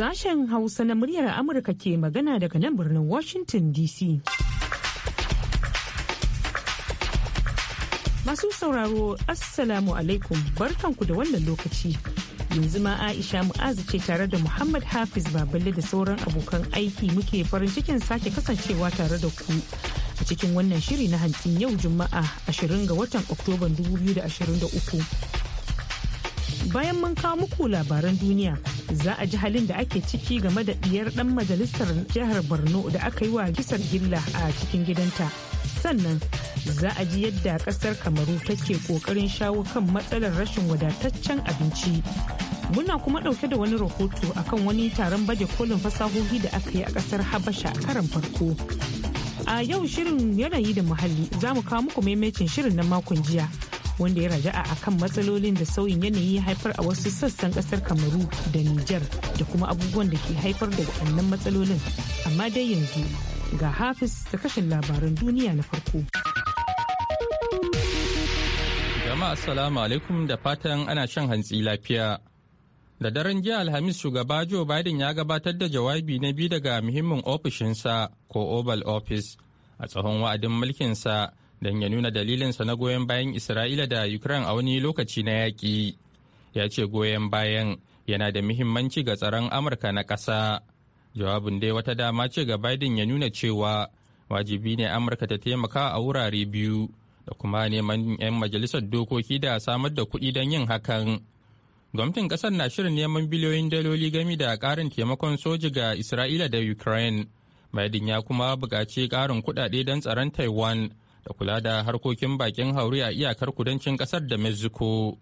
Sashen Hausa na muryar Amurka ke magana daga nan birnin Washington DC. Masu sauraro, Assalamu alaikum barkanku da wannan lokaci. yanzu ma Aisha Mu'azu ce tare da Muhammad Hafiz Baballe da sauran abokan aiki muke farin cikin sake kasancewa tare da ku a cikin wannan shiri na hantsin yau Juma'a 20 ga watan Oktoban 2023. bayan mun kawo muku labaran duniya za a ji halin da ake ciki game da ɗiyar ɗan majalisar jihar borno da aka yi wa gisar gilla a cikin gidanta sannan za a ji yadda ƙasar kamaru take ƙoƙarin shawo kan matsalar rashin wadataccen abinci muna kuma ɗauke da wani rahoto akan wani taron baje kolin fasahohi da aka yi a ƙasar habasha a karan farko a yau shirin yanayi da muhalli za mu kawo muku maimacin shirin na makon jiya wanda ya a kan matsalolin da sauyin yanayi ya haifar a wasu sassan kasar kamaru da nijar da kuma abubuwan da ke haifar da waɗannan matsalolin amma dai yanzu ga hafis da kashin labaran duniya na farko jama'a assalamu alaikum da fatan ana shan hantsi lafiya da daren jiya alhamis shugaba joe biden ya gabatar da jawabi na biyu daga muhimmin ofishinsa ko oval office a tsohon wa'adin mulkinsa don ya nuna dalilinsa na goyon bayan Isra'ila da Ukraine a wani lokaci na yaƙi. Ya ce goyon bayan yana da muhimmanci ga tsaron Amurka na ƙasa. Jawabin dai wata dama ce ga Biden ya nuna cewa wajibi ne Amurka ta taimaka a wurare biyu da kuma neman 'yan majalisar dokoki da samar da kuɗi don yin hakan. Gwamnatin ƙasar na shirin neman biliyoyin daloli gami da ƙarin taimakon soji ga Isra'ila da Ukraine. Biden ya kuma buƙaci ƙarin kuɗaɗe don tsaron Taiwan da kula da harkokin bakin hauri a iyakar kudancin kasar da mexico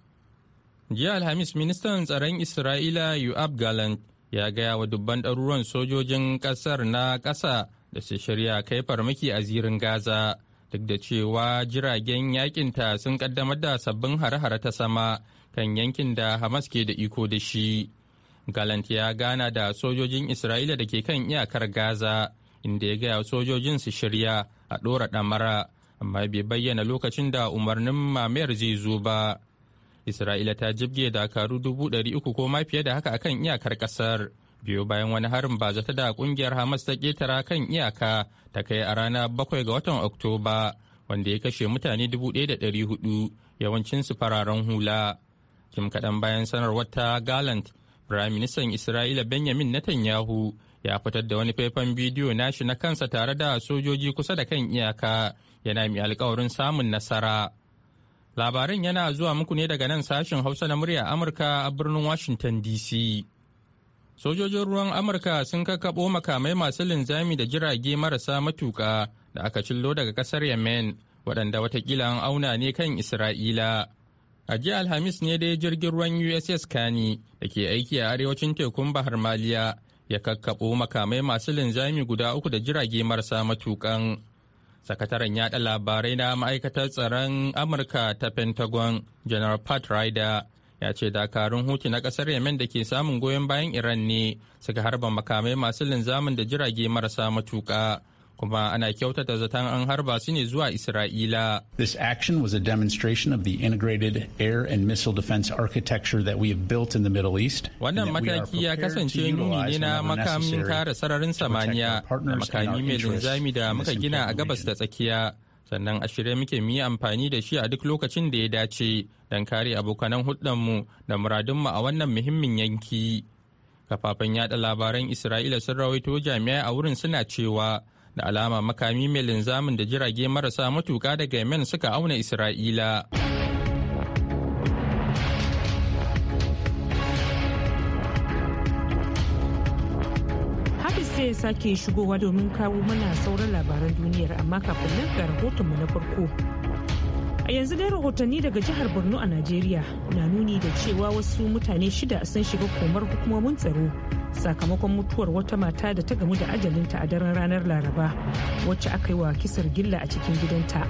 jiya alhamis ministan tsaron isra'ila yuab galant ya gaya wa dubban ɗaruruwan sojojin kasar na ƙasa da su shirya kai farmaki a zirin gaza duk da cewa jiragen yakinta sun ƙaddamar da sabbin hare-hare ta sama kan yankin da hamas ke da iko da shi galant ya gana da sojojin isra'ila da ke kan iyakar gaza inda ya gaya sojojin su shirya a ɗora ɗamara amma bai bayyana lokacin da umarnin mamayar zai zo ba isra'ila ta jibge dakaru dubu ɗari uku ko ma fiye da haka akan iyakar ƙasar biyo bayan wani harin ba zata da ƙungiyar hamas ta ƙetara kan iyaka ta kai a ranar bakwai ga watan oktoba wanda ya kashe mutane dubu ɗaya da ɗari hudu yawancin su fararen hula jim kaɗan bayan sanarwar ta galant firaministan isra'ila benjamin netanyahu ya fitar da wani faifan bidiyo nashi na kansa tare da sojoji kusa da kan iyaka yana mai alkawarin samun nasara. Labaran yana zuwa muku ne daga nan sashen Hausa na murya Amurka a birnin Washington DC. Sojojin ruwan Amurka sun kakkaɓo makamai masu linzami da jirage marasa matuƙa da aka cillo daga ƙasar Yemen, waɗanda watakila an auna ne kan Isra'ila. A jiya Alhamis ne dai jirgin ruwan USS Kani da ke aiki a arewacin tekun Bahar Maliya ya kakkaɓo makamai masu linzami guda uku da jirage marasa matuƙan. sakataren yaɗa labarai na ma'aikatar tsaron amurka ta pentagon general pat ryder ya ce dakarun hutu na kasar yemen da ke samun goyon bayan iran ne suka harba makamai masu linzamin da jirage marasa matuka kuma ana kyautata zaton an harba su ne zuwa Isra'ila. This action was a demonstration of the integrated air and missile defense architecture that we have built in the Middle East. Wannan mataki ya kasance nuni ne na makamin kare sararin samaniya da makami mai linzami da muka gina a gabas da tsakiya. Sannan a shirye muke mu amfani da shi a duk lokacin da ya dace don kare abokanan hudunmu da muradunmu a wannan muhimmin yanki. Kafafen yada labaran Isra'ila sun rawaito jami'ai a wurin suna cewa da alama makami mai linzamin da jirage marasa matuka daga yemen suka auna isra'ila hafiz sai sake shigowa domin kawo mana sauran labaran duniyar amma kafin nan ga rahotonmu na farko a yanzu dai rahotanni daga jihar borno a najeriya na nuni da cewa wasu mutane shida sun shiga komar hukumomin tsaro sakamakon mutuwar wata mata da ta gamu da ajalinta a daren ranar laraba wacce aka yi wa kisar gilla a cikin gidanta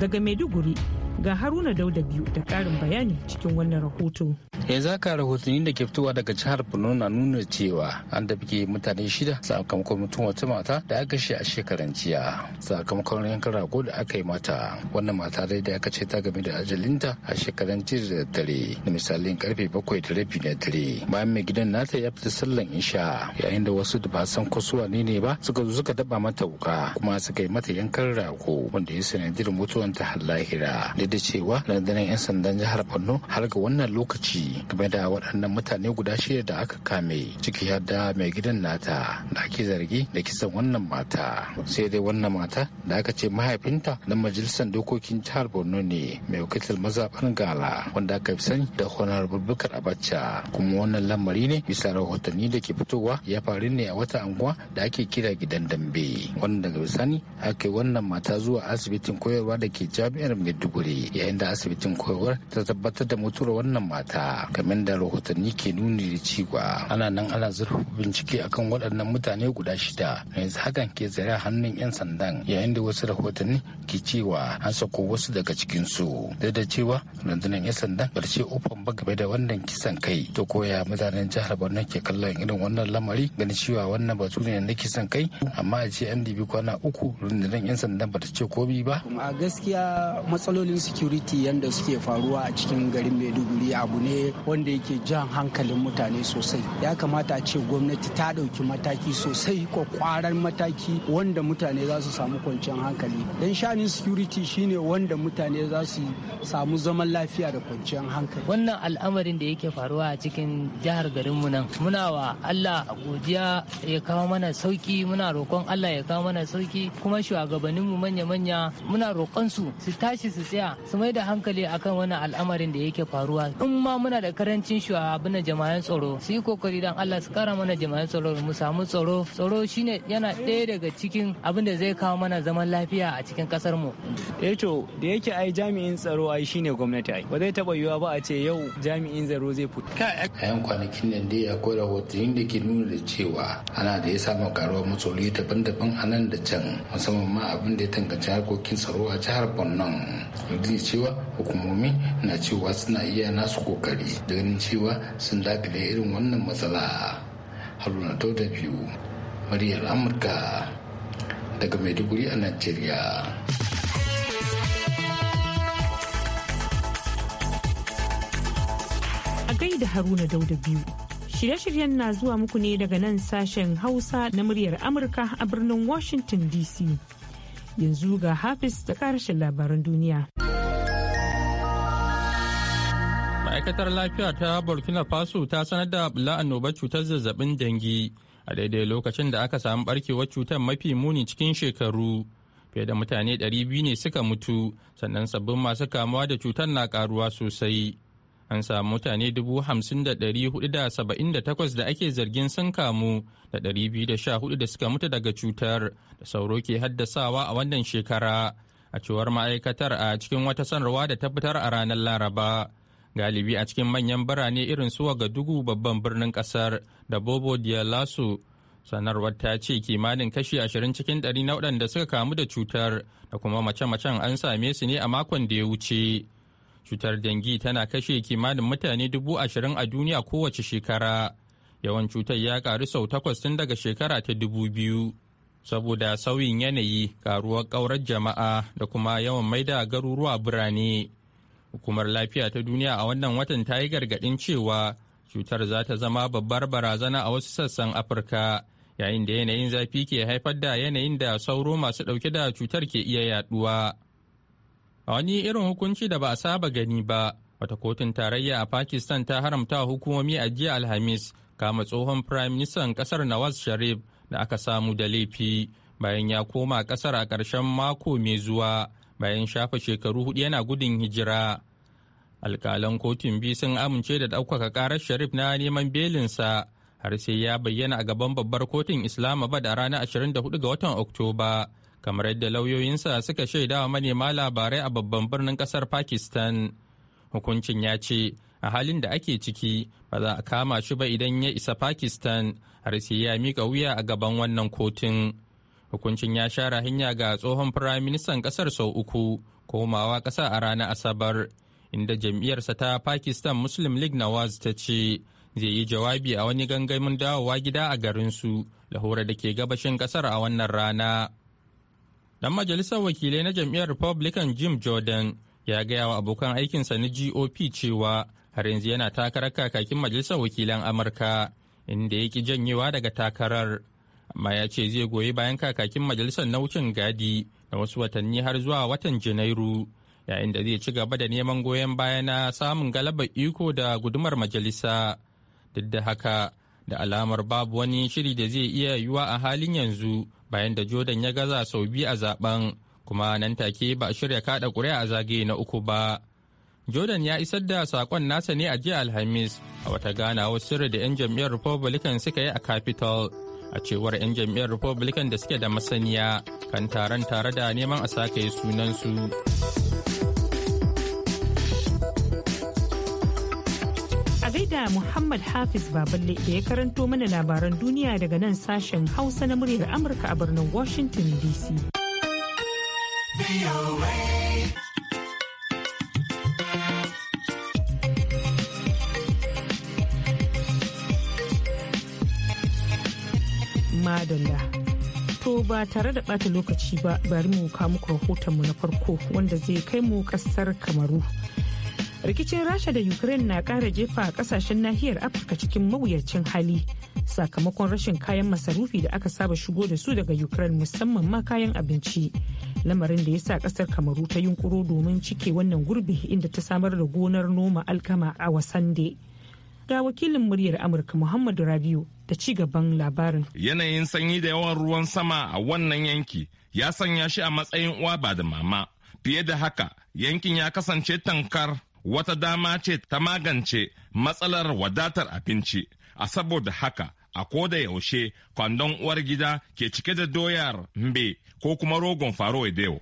daga maiduguri Ga Haruna Dauda biyu da karin bayani cikin wannan rahoto. Yanzu haka rahotanni da ke fitowa daga jihar Borno na nuna cewa an dafke mutane shida sakamakon mutum wata mata da aka shi a shekaran jiya sakamakon yankan rago da aka yi mata. Wannan mata dai da aka ce ta game da ajalinta a shekaran jiya da dare da misalin karfe bakwai da rabi na dare. Bayan mai gidan nata ya fita sallan isha yayin da wasu da ba san kosuwa ne ne ba suka zo suka daba mata wuka kuma suka yi mata yankan rago wanda ya sanadiyar mutuwanta har lahira. da cewa rundunar 'yan sandan jihar borno har ga wannan lokaci game da waɗannan mutane guda shida da aka kame ciki har da mai gidan nata da ake zargi da kisan wannan mata sai dai wannan mata da aka ce mahaifinta na majalisar dokokin jihar borno ne mai wakiltar mazaɓar gala wanda aka fi sani da honar bulbukar abacha kuma wannan lamari ne bisa rahotanni da ke fitowa ya faru ne a wata anguwa da ake kira gidan dambe wanda daga bisani aka yi wannan mata zuwa asibitin koyarwa da ke jami'ar maiduguri yi yayin da asibitin koyarwar ta tabbatar da mutuwar wannan mata kamar da rahotanni ke nuni da cewa ana nan ana zurfa bincike akan waɗannan mutane guda shida yanzu hakan ke zare hannun 'yan sandan yayin da wasu rahotanni ke cewa an sako wasu daga su duk da cewa rundunar 'yan sandan karshe ofan ba game da wannan kisan kai to koya mutanen jihar borno ke kallon irin wannan lamari ganin cewa wannan batu ne na kisan kai amma a ce an dibi kwana uku rundunar 'yan sandan ta ce komi ba a gaskiya matsalolin security yanda suke faruwa a cikin garin maiduguri abu ne wanda yake jan hankalin mutane sosai ya kamata a ce gwamnati ta ɗauki mataki sosai ko kwaran mataki wanda mutane za su samu kwanciyar hankali don shani tsakanin security shine wanda mutane za su samu zaman lafiya da kwanciyar hankali wannan al'amarin da yake faruwa a cikin jihar garinmu nan muna wa allah godiya ya kawo mana sauki muna roƙon allah ya kawo mana sauki kuma shugabanninmu manya-manya muna roƙon su su tashi su tsaya su mai da hankali akan wannan al'amarin da yake faruwa in ma muna da karancin shugaban jama'an tsaro su yi kokari dan allah su kara mana jama'an tsaro mu samu tsaro tsaro shine yana ɗaya daga cikin abin da zai kawo mana zaman lafiya a cikin ƙasar kasar mu eh to da yake ai jami'in tsaro ai shine gwamnati ai ba zai taba yiwa ba a ce yau jami'in tsaro zai fita a yan kwanakin nan dai akwai rahotanni da ke nuna da cewa ana da ya samu karuwar matsaloli daban-daban a nan da can musamman ma abin da ya tangaci harkokin tsaro a jihar borno da cewa hukumomi na cewa suna iya nasu kokari da ganin cewa sun dakile irin wannan matsala haruna da biyu muryar amurka daga Maiduguri a Najeriya. A gaida Haruna Dauda biyu. Shirye-shiryen na zuwa muku ne daga nan sashen Hausa na muryar Amurka a birnin Washington DC. Yanzu ga Hafiz da karshen labaran duniya. Ma'aikatar lafiya ta Burkina Faso ta sanar da bula annobar cutar zazzabin dangi. a daidai lokacin da aka samu barkewar cutar mafi muni cikin shekaru fiye da mutane 200 ne suka mutu sannan sabbin masu kamuwa da cutar na karuwa sosai an samu mutane 50,478 da ake zargin sun kamu da 214 da suka mutu daga cutar da sauro ke haddasawa a wannan shekara a cewar ma'aikatar a cikin wata sanarwa da ta fitar a ranar laraba galibi a cikin manyan birane irin su Wagadugu babban birnin kasar da Bobo Dioulasso. Sanarwar ta ce kimanin kashi ashirin cikin ɗari na waɗanda suka kamu da cutar da kuma mace-macen an same su ne a makon da ya wuce. Cutar dangi tana kashe kimanin mutane dubu ashirin a duniya kowace shekara. Yawan cutar ya karu sau takwas tun daga shekara ta dubu biyu. Saboda sauyin yanayi, karuwar ƙaurar jama'a da kuma yawan maida garuruwa birane. Hukumar lafiya ta duniya a wannan watan ta yi gargaɗin cewa cutar za ta zama babbar barazana a wasu sassan Afirka yayin da yanayin zafi ke haifar da yanayin da sauro masu ɗauke da cutar ke iya yaduwa. A wani irin hukunci da ba a saba gani ba, wata kotun tarayya a Pakistan ta haramta hukumomi a jiya Alhamis kama tsohon Firayim minister kasar Nawaz Sharif da aka samu da laifi bayan ya koma kasar a karshen mako mai zuwa. bayan shafa shekaru hudu yana gudun hijira alkalan kotun biyu sun amince da ɗaukaka karar sharif na neman belinsa har sai ya bayyana a gaban babbar kotun islamabad a ranar 24 ga watan oktoba kamar yadda lauyoyinsa suka shaida wa manema labarai a babban birnin ƙasar pakistan hukuncin ya ce a halin da ake ciki ba za a kama shi ba idan ya isa pakistan har sai ya mika wuya a gaban wannan kotun. hukuncin ya share hanya ga tsohon ministan kasar sau uku komawa kasa a ranar asabar inda jam'iyyarsa ta pakistan muslim league nawaz ta ce zai yi jawabi a wani gangamin dawowa gida a garinsu lahore da ke gabashin kasar a wannan rana dan majalisar wakilai na jam'iyyar republican jim jordan ya gaya wa abokan aikinsa na gop cewa har yanzu yana takarar kakakin majalisar wakilan amurka inda ya ki janyewa daga takarar amma ya ce zai goyi bayan kakakin majalisar na wucin gadi na wasu watanni har zuwa watan janairu yayin da zai ci gaba da neman goyon baya na samun galabar iko da gudumar majalisa duk da haka da alamar babu wani shiri da zai iya yiwa a halin yanzu bayan da jordan ya gaza sau biyu a zaben kuma nan take ba a shirya kada ƙuri'a a zagaye na uku ba jordan ya isar da sakon nasa ne a jiya alhamis a wata ganawar sirri da 'yan jam'iyyar republican suka yi a capitol a cewar 'yan jam'iyyar republican da suke da masaniya kan taron tare da neman a sake sunansu a muhammad hafiz baballe da ya karanto mana labaran duniya daga nan sashen hausa na muryar amurka a birnin washington dc madalla to ba tare da bata lokaci ba bari mu kawo muku rahotonmu na farko wanda zai kai mu kasar kamaru rikicin rasha da ukraine na kara jefa kasashen nahiyar afirka cikin mawuyacin hali sakamakon rashin kayan masarufi da aka saba shigo da su daga ukraine musamman ma kayan abinci lamarin da ya sa kasar kamaru ta yunkuro domin cike wannan gurbi inda ta samar da gonar noma alkama a wasande ga wakilin muryar amurka muhammadu rabiu da ci gaban labarin. Yanayin sanyi da yawan ruwan sama a wannan yanki ya sanya shi a matsayin uwa ba da mama. Fiye da haka, yankin ya kasance tankar wata dama ce ta magance matsalar wadatar abinci. A saboda haka, a koda yaushe kwandon uwar gida ke cike da doyar mbe ko kuma rogon faro yau.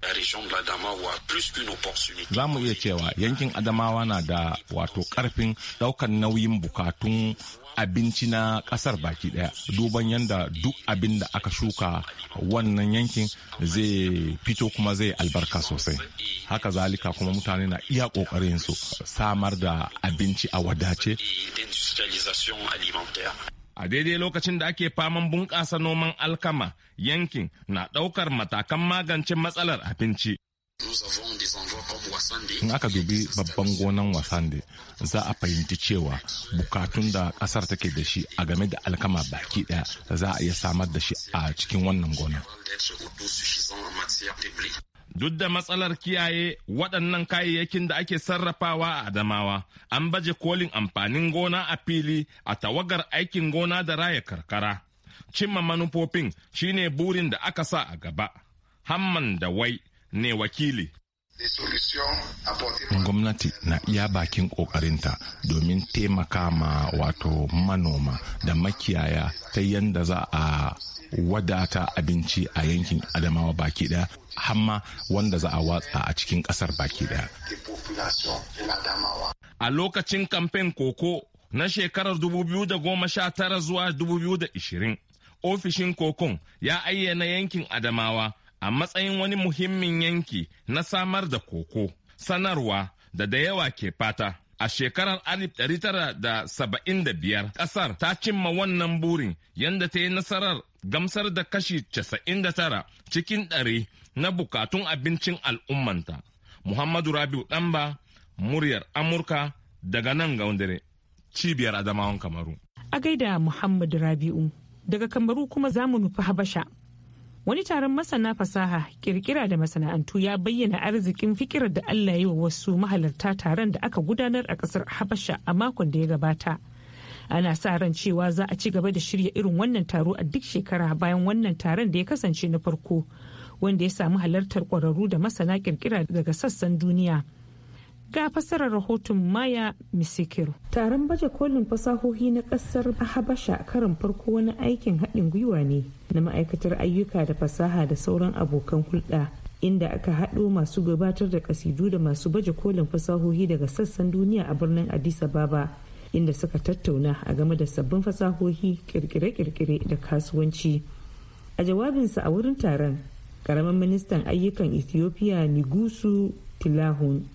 Za mu iya cewa yankin Adamawa na da wato karfin ɗaukar nauyin bukatun abinci na kasar baki daya duban yadda duk abin da aka shuka wannan yankin zai fito kuma zai albarka sosai haka zalika kuma mutane na iya kokarin su samar da abinci a wadace a daidai lokacin da ake faman bunƙasa noman alkama yankin na ɗaukar matakan magance matsalar abinci in aka dubi babban gonan wasande za a fahimci cewa bukatun da kasar take da shi a game da alkama baki daya za a iya samar da shi a cikin wannan gonan. duk da matsalar kiyaye waɗannan kayayyakin da ake sarrafawa a adamawa an baje kolin amfanin gona a fili a tawagar aikin gona da raya karkara cimma manufofin shine burin da aka sa a gaba hamman da wai ne wakili. Gwamnati na iya bakin ƙoƙarinta domin taimaka ma wato manoma da makiyaya ta yadda za a wadata abinci a yankin Adamawa baki ɗaya, hamma wanda za a watsa a cikin ƙasar baki ɗaya. A lokacin kamfen koko na shekarar 2019 zuwa 2020, ofishin kokon ya ayyana yankin Adamawa a matsayin wani muhimmin yanki na samar da koko, sanarwa da da yawa ke fata. A shekarar 1975 ƙasar ta cimma wannan burin yadda ta yi nasarar gamsar da kashi 99 cikin ɗari na bukatun abincin al'ummanta. Muhammadu Rabiu Ɗanba, muryar Amurka daga nan ga cibiyar Adamawan Kamaru. A gaida Muhammadu Rabiu, daga Kamaru kuma za mu nufi Habasha. wani taron masana fasaha kirkira da masana'antu ya bayyana arzikin fikirar da allah ya yi wa wasu mahalarta taron da aka gudanar a kasar habasha a makon da ya gabata ana sa ran cewa za a ci gaba da shirya irin wannan taro a duk shekara bayan wannan taron da ya kasance na farko wanda ya samu halartar kwararru da masana kirkira daga sassan duniya ga fassarar rahoton maya misikiru taron baje kolin fasahohi na kasar habasha karin farko wani aikin haɗin gwiwa ne na ma'aikatar ayyuka da fasaha da sauran abokan hulɗa inda aka haɗo masu gabatar da kasidu da masu baje kolin fasahohi daga sassan duniya a birnin addis ababa inda suka tattauna a game da sabbin fasahohi kirkire-kirkire da kasuwanci a jawabinsa a wurin taron karamin ministan ayyukan ethiopia nigusu tilahun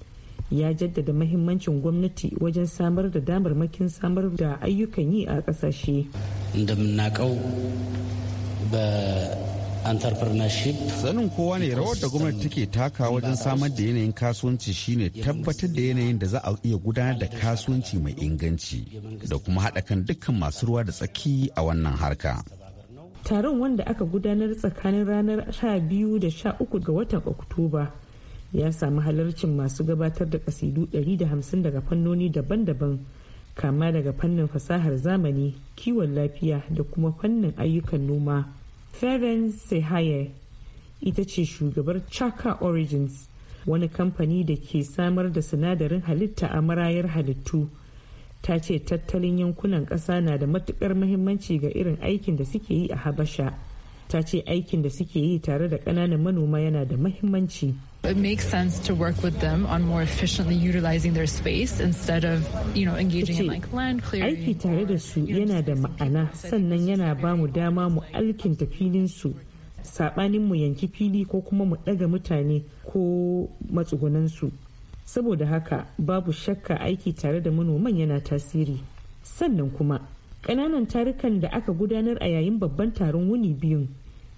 ya jaddada mahimmancin gwamnati wajen samar da damarmakin samar da ayyukan yi a ƙasashe. እንደምናውቀው ba sanin kowa ne rawar da gwamnati take taka wajen samar da yanayin kasuwanci shine tabbatar da yanayin da za a iya gudanar da kasuwanci mai inganci da kuma haɗa kan dukkan masu ruwa da tsaki a wannan harka taron wanda aka gudanar tsakanin ranar 12 da 13 ga watan oktoba ya samu halarcin masu gabatar da kasidu 150 daga fannoni daban-daban kama daga fannin fasahar zamani kiwon lafiya da kuma fannin ayyukan noma feven sehaye ita ce shugabar chaka origins wani kamfani da ke samar da sinadarin halitta a marayar halittu ta ce tattalin yankunan ƙasa na da matukar muhimmanci ga irin aikin da suke yi a habasha ta ce aikin da suke yi tare da ƙananan manoma yana da mahimmanci. It makes sense to work with them on more efficiently utilizing their space instead of, you know, engaging in like land clearing. Aiki tare da su yana da ma'ana sannan yana ba mu dama mu alkinta filin su sabanin mu yanki fili ko kuma mu ɗaga mutane ko matsugunan su. Saboda haka babu shakka aiki tare da manoman yana tasiri. Sannan kuma kananan tarukan da aka gudanar a yayin babban taron wuni biyun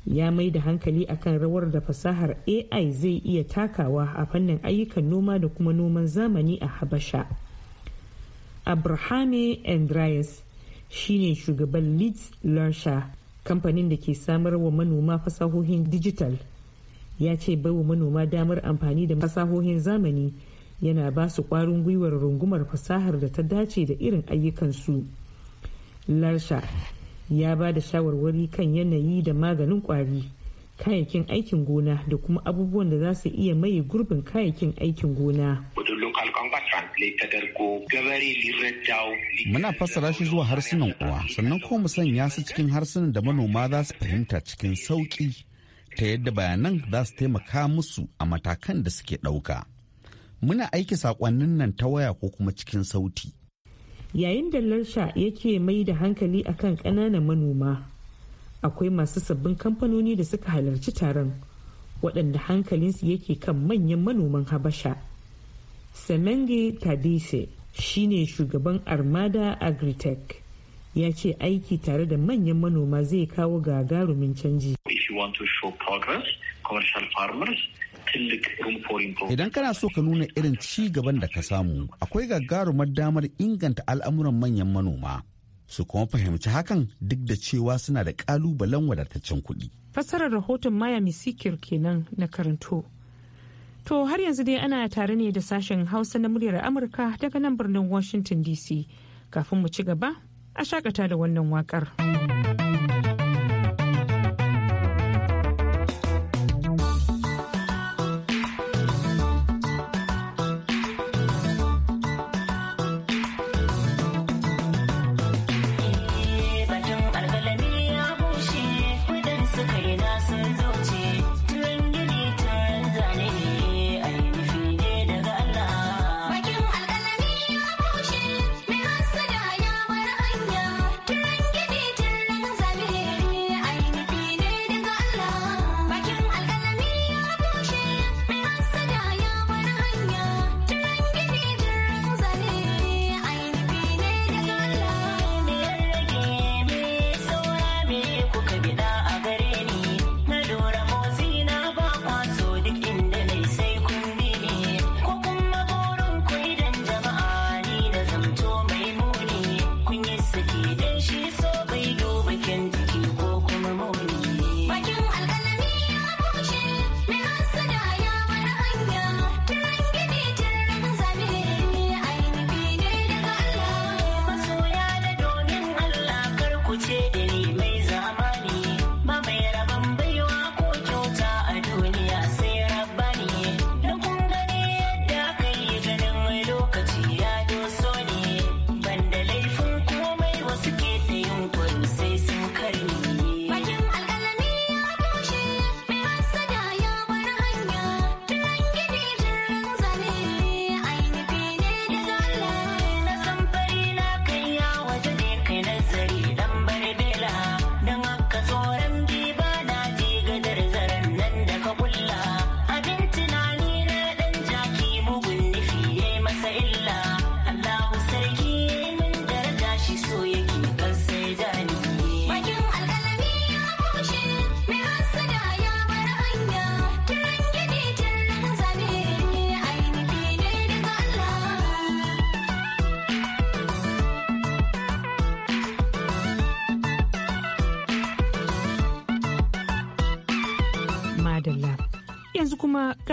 ya mai da hankali akan rawar da fasahar ai zai iya takawa a fannin ayyukan noma da kuma noman zamani a habasha abrahame andreas shine shugaban leeds lansha kamfanin da ke samar wa manoma fasahohin digital ya ce bai wa manoma damar amfani da fasahohin zamani yana ba su kwarin gwiwar rungumar fasahar da ta dace da irin ayyukansu. su larsa ya ba da shawarwari kan yanayi da maganin kwari kayayyakin aikin gona da kuma abubuwan da za su iya maye gurbin kayayyakin aikin gona muna fassara shi zuwa harsunan uwa sannan kuma mu sanya su cikin harsunan da manoma za su fahimta cikin sauƙi ta yadda bayanan za su taimaka musu a matakan da suke ɗauka muna aiki saƙonnin nan ta waya ko kuma cikin sauti yayin da larsha yake mai da hankali akan ƙananan manoma akwai masu sabbin kamfanoni da suka halarci taron waɗanda hankalinsu yake kan manyan manoman habasha semenge tadise shine shugaban armada agritech ya ce aiki tare da manyan manoma zai kawo gagarumin canji. If you want to show progress, commercial farmers Idan kana so ka nuna irin ci gaban da ka samu, akwai gagarumar damar inganta al'amuran manyan manoma. Su kuma fahimci hakan duk da cewa suna da kalubalen wadataccen kuɗi. Fassarar rahoton Maya Misikir kenan na karanto. To har yanzu dai ana tare ne da sashen Hausa na muryar Amurka daga nan birnin Washington DC. Kafin mu ci gaba, a shakata da wannan waƙar.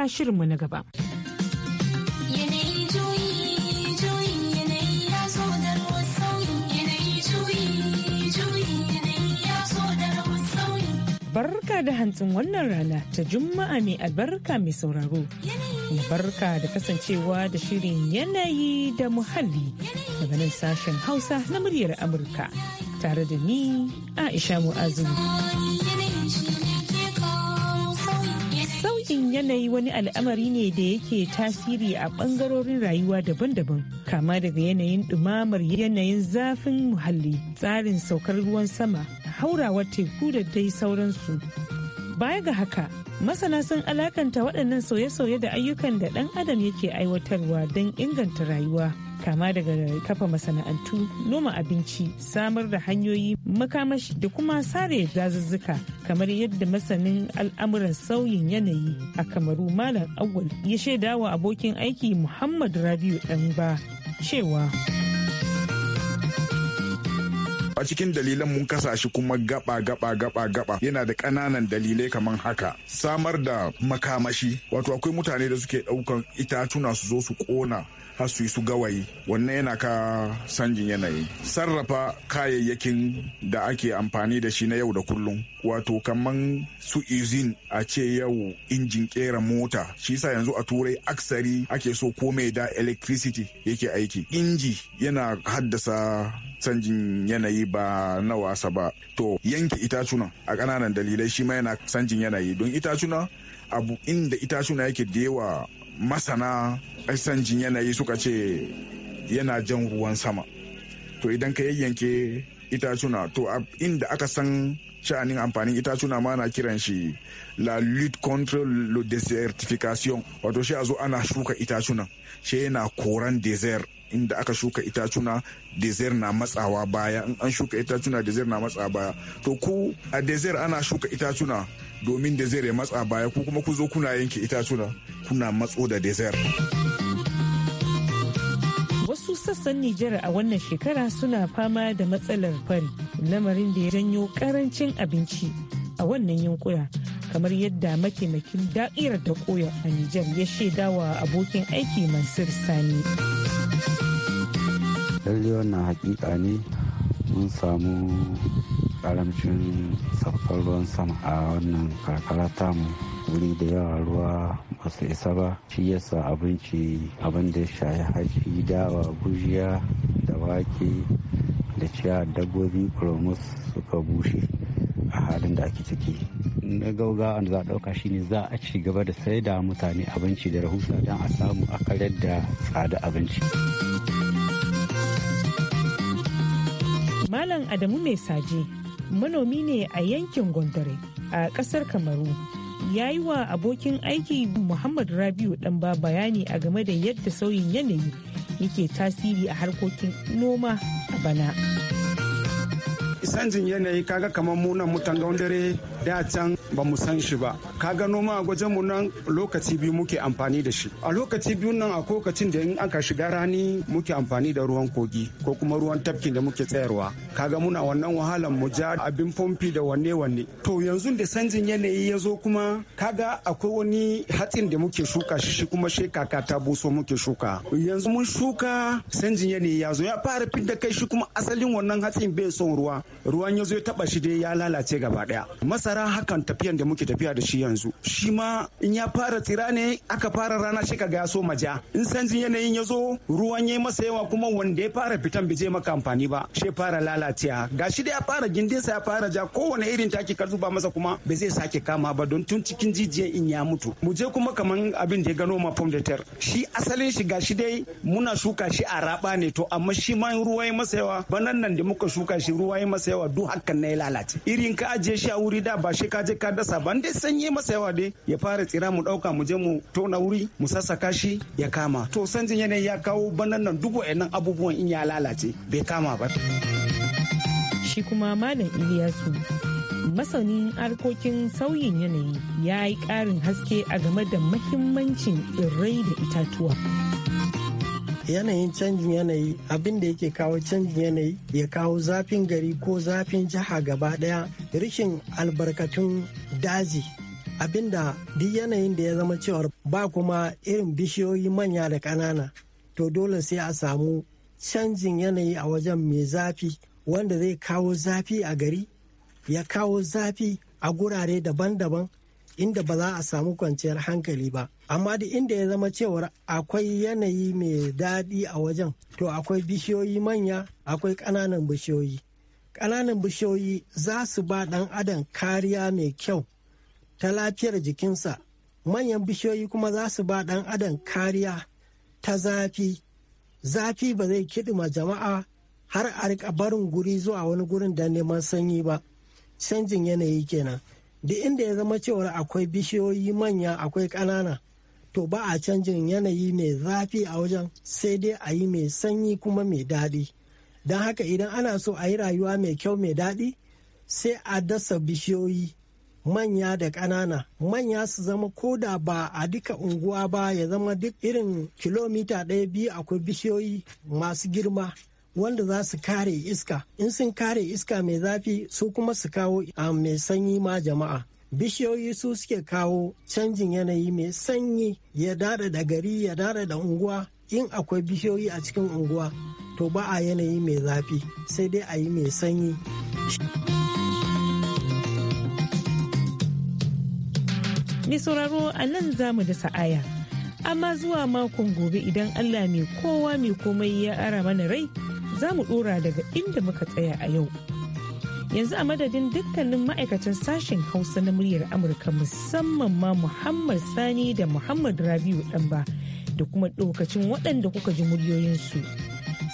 ga shirinmu na gaba. Barka da hantsin wannan rana ta Juma'a mai albarka mai sauraro. Barka da kasancewa da shirin yanayi da muhalli daga nan sashen Hausa na muryar Amurka tare da ni Aisha Mu'azu. yanayi wani al'amari ne da yake tasiri a ɓangarorin rayuwa daban-daban kama daga yanayin ɗumamar yanayin zafin muhalli tsarin saukar ruwan sama haurawar teku da dai sauransu baya ga haka masana sun alakanta waɗannan sauye-sauye da ayyukan da ɗan adam yake aiwatarwa don inganta rayuwa kama daga kafa masana'antu noma abinci samar da hanyoyi makamashi da kuma sare dazuzzuka kamar yadda masanin al'amuran sauyin yanayi a kamaru malam awwal ya shaidawa abokin aiki muhammad rabiu ɗan ba cewa a cikin dalilan mun kasa shi kuma gaba gaba gaba gaba yana da ƙananan dalilai kamar haka samar da makamashi wato akwai mutane da suke ɗaukan itatuna su zo su ƙona har su yi su gawayi wannan yana ka sanjin yanayi sarrafa kayayyakin da ake amfani da shi na yau da kullum wato kaman su izin a ce yau injin kera mota shi sa yanzu a turai aksari ake so komai da electricity yake aiki inji yana haddasa canjin yanayi ba na wasa ba to yanke itacuna a kananan dalilai shi ma yana canjin yanayi don itacuna abu inda itacuna yake da yawa masana canjin yanayi suka ce yana jan ruwan sama to idan ka yanke itacuna to inda aka san sha'anin amfanin itacuna ma na kiran shi la lutte contre le desertification wato shi a zo ana shuka itacuna shi yana koran desert inda aka shuka itacuna desert na matsawa baya in an shuka itacuna desert na matsawa baya to ku a desert ana shuka itacuna domin desert ya matsa baya ko kuma ku zo kuna yanke itacuna kuna matso da desert wasu sassan Nijar a wannan shekara suna fama da matsalar fari lamarin da ya janyo karancin abinci a wannan yankuna kamar yadda mataimakin da'irar da koya a Nijar ya shaidawa wa abokin aiki Mansur Sani. lalle wannan hakika ne mun samu karamcin sabbin ruwan sama a wannan karkara tamu wuri da yawa ruwa masu isa ba shi yasa abinci abin da ya shayi haji dawa gujiya da wake da ciya dabbobi kuromus suka bushe a halin da ake ciki na gauga wanda za a ɗauka shine za a ci gaba da sai da mutane abinci da rahusa don a samu a da tsada abinci. Malam Adamu Mai Saje manomi ne a yankin Gondare a ƙasar Kamaru. Ya yi wa abokin aiki Muhammad Rabiu ɗan ba bayani a game da yadda sauyin yanayi yake tasiri a harkokin noma a bana. Sanjin yanayi kaga kamar munan mutan Gondare da can ba mu san shi ba ka ga noma a gwajen mu nan lokaci biyu muke amfani da shi a lokaci biyu nan a lokacin da in aka shiga rani muke amfani da ruwan kogi ko kuma ruwan tafkin da muke tsayarwa kaga muna wannan wahalan mu ja abin fomfi da wanne wanne to yanzu da sanjin yanayi ya zo kuma kaga akwai wani hatsin da muke shuka shi shi kuma shi kaka ta buso muke shuka yanzu mun shuka sanjin yanayi ya zo ya fara fidda kai shi kuma asalin wannan hatsin bai son ruwa ruwan ya zo ya taba shi dai ya lalace gaba daya masa masara hakan tafiyan da muke tafiya da shi yanzu shi ma in ya fara tsira ne aka fara rana shi ka ya so maja in sanjin yanayin ya zo ruwan ya masa yawa kuma wanda ya fara fitan bai je maka amfani ba shi fara lalacewa gashi da ya fara gindin sa ya fara ja kowane irin taki ka zuba masa kuma bai zai sake kama ba don tun cikin jijiyan in ya mutu mu je kuma kaman abin da ya gano ma pom de asalin shi asalin shi gashi dai muna shuka shi a raba ne to amma shi ma ruwa ya masa yawa banan nan da muka shuka shi ruwa ya masa yawa duk hakan na ya lalace irin ka ajiye shi a wuri da ba shi ka je ka dasa ba dai sanyi masa yawa dai ya fara tsira mu dauka mu je mu tona wuri mu sassaka shi ya kama to sanjin yanayi ya kawo banan nan duk wa'annan abubuwan in ya lalace bai kama ba shi kuma malam Iliyasu masanin harkokin sauyin yanayi ya yi ƙarin haske a game da mahimmancin irai da itatuwa yanayin canjin yanayi abin da yake kawo canjin yanayi ya kawo zafin gari ko zafin jiha gaba daya rikin albarkatun daji abin da duk yanayin da ya zama cewar ba kuma irin bishiyoyi manya da ƙanana to dole sai a samu canjin yanayi a wajen mai zafi wanda zai kawo zafi a gari ya kawo zafi a gurare daban-daban inda ba za a samu kwanciyar hankali ba amma da inda ya zama cewa akwai yanayi mai daɗi a wajen to akwai bishiyoyi manya akwai ƙananan bishiyoyi ƙananan bishiyoyi za su ba ɗan adam kariya mai kyau ta lafiyar jikinsa manyan bishiyoyi kuma za su ba ɗan adam kariya ta zafi zafi ba zai kiɗima jama'a har a rika barin guri zuwa wani gurin da neman sanyi ba canjin yanayi kenan duk inda ya zama cewar akwai bishiyoyi manya akwai ƙanana to ba a canjin yanayi mai zafi a wajen sai dai a yi mai sanyi kuma mai daɗi don haka idan ana so a yi rayuwa mai kyau mai daɗi sai a dasa bishiyoyi manya da ƙanana manya su zama ko da ba a duka unguwa ba ya zama duk irin kilomita ɗaya biyu akwai bishiyoyi masu girma wanda za su kare iska in sun kare iska mai zafi su kuma su kawo a ah, mai sanyi ma jama'a bishiyoyi su suke kawo canjin yanayi mai sanyi ya dada da gari ya dada da unguwa in akwai bishiyoyi a cikin unguwa to ba a yanayi mai zafi sai dai a yi mai sanyi mai sauraro a nan zamu da sa'aya amma zuwa makon gobe idan allah mai kowa mai komai ya ara mana rai za mu dora daga inda muka tsaya a yau yanzu a madadin dukkanin ma'aikatan sashen hausa na muryar amurka musamman ma muhammad sani da muhammad rabiu ɗanba da kuma ɗaukacin waɗanda kuka ji muryoyinsu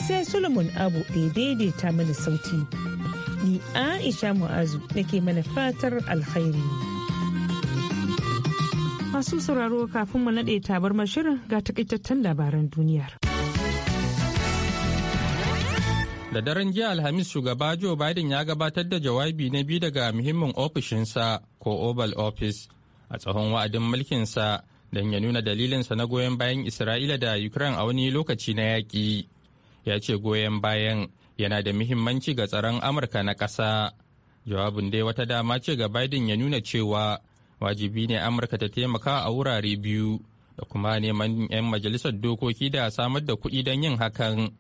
sai solomon abu da daidaita mana sauti ni aisha mu'azu nake mana fatar alkhairi masu sauraro kafin mu naɗe tabar mashirin ga takaitattun labaran duniyar. Da daren jiya Alhamis shugaba Joe Biden ya gabatar da jawabi na biyu daga muhimmin ofishinsa ko Oval Office a tsohon wa'adin mulkinsa don ya nuna dalilinsa na goyon bayan Isra'ila da Ukraine a wani lokaci na yaƙi. Ya ce goyon bayan yana da muhimmanci ga tsaron Amurka na ƙasa. Jawabin dai wata dama ce ga Biden ya nuna cewa wajibi ne Amurka ta taimaka a wurare biyu da kuma neman 'yan majalisar dokoki da samar da kuɗi don yin hakan.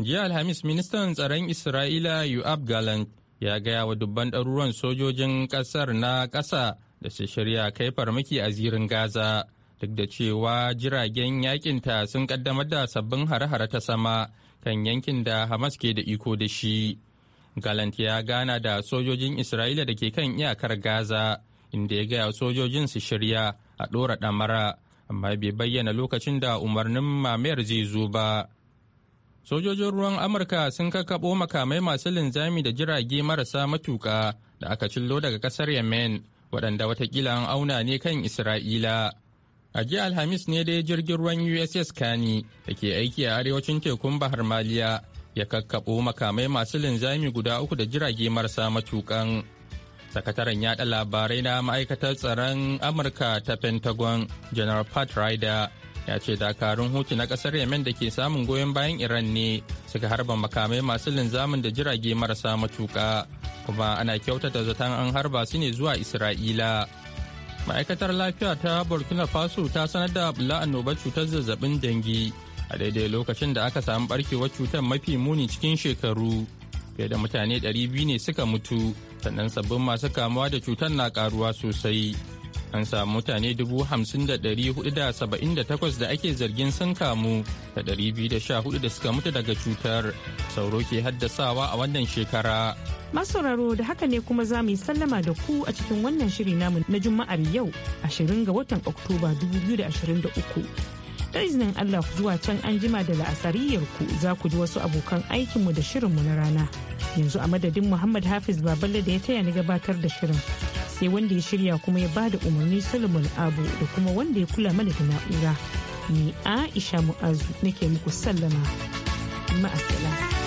jiya alhamis ministan tsaron isra'ila yu'ab galant ya gaya wa dubban ɗaruruwan sojojin ƙasar na ƙasa da su shirya kai farmaki a zirin gaza duk da cewa jiragen yakinta sun ƙaddamar da sabbin hare-hare ta sama kan yankin da hamas ke da iko da shi galant ya gana da sojojin isra'ila da ke kan iyakar gaza inda ya gaya sojojin su shirya a ɗora ɗamara amma bai bayyana lokacin da umarnin mamayar zai zo ba Sojojin ruwan Amurka sun kakkaɓo makamai masu linzami da jirage marasa matuƙa da aka cillo daga ƙasar Yemen waɗanda watakila an auna ne kan Isra'ila. A jiya Alhamis ne dai jirgin ruwan USS Kani da ke aiki a arewacin tekun Bahar Maliya ya kakkaɓo makamai masu linzami guda uku da jirage marasa matuƙan. Sakataren yaɗa labarai na ma'aikatar tsaron Amurka ta Pentagon, General Pat Ryder ya ce dakarun hutu na kasar yamen da ke samun goyon bayan iran ne suka harba makamai masu linzamin da jirage marasa matuka kuma ana kyautata zaton an harba su ne zuwa isra'ila ma'aikatar lafiya ta burkina faso ta sanar da bula annobar cutar zazzabin dangi a daidai lokacin da aka samu barkewar cutar mafi muni cikin shekaru fiye da mutane 200 ne suka mutu sannan sabbin masu kamuwa da cutar na karuwa sosai an samu mutane 50,478 da ake zargin sun kamu da 214 da suka mutu daga cutar sauro ke haddasawa a wannan shekara. Masauraro da haka ne kuma za mu yi sallama da ku a cikin wannan shiri namu na Juma'ar yau 20 ga watan Oktoba 2023. da izinin Allah zuwa can an jima da la'asariyar ku za ku ji wasu abokan aikinmu da shirinmu na rana. Yanzu a madadin Muhammad Hafiz Baballe da ya taya ni gabatar da shirin. sai wanda ya shirya kuma ya bada umarni solomon abu da kuma wanda ya kula mana da na'ura ni aisha mu'azu nake muku sallama ma'asala.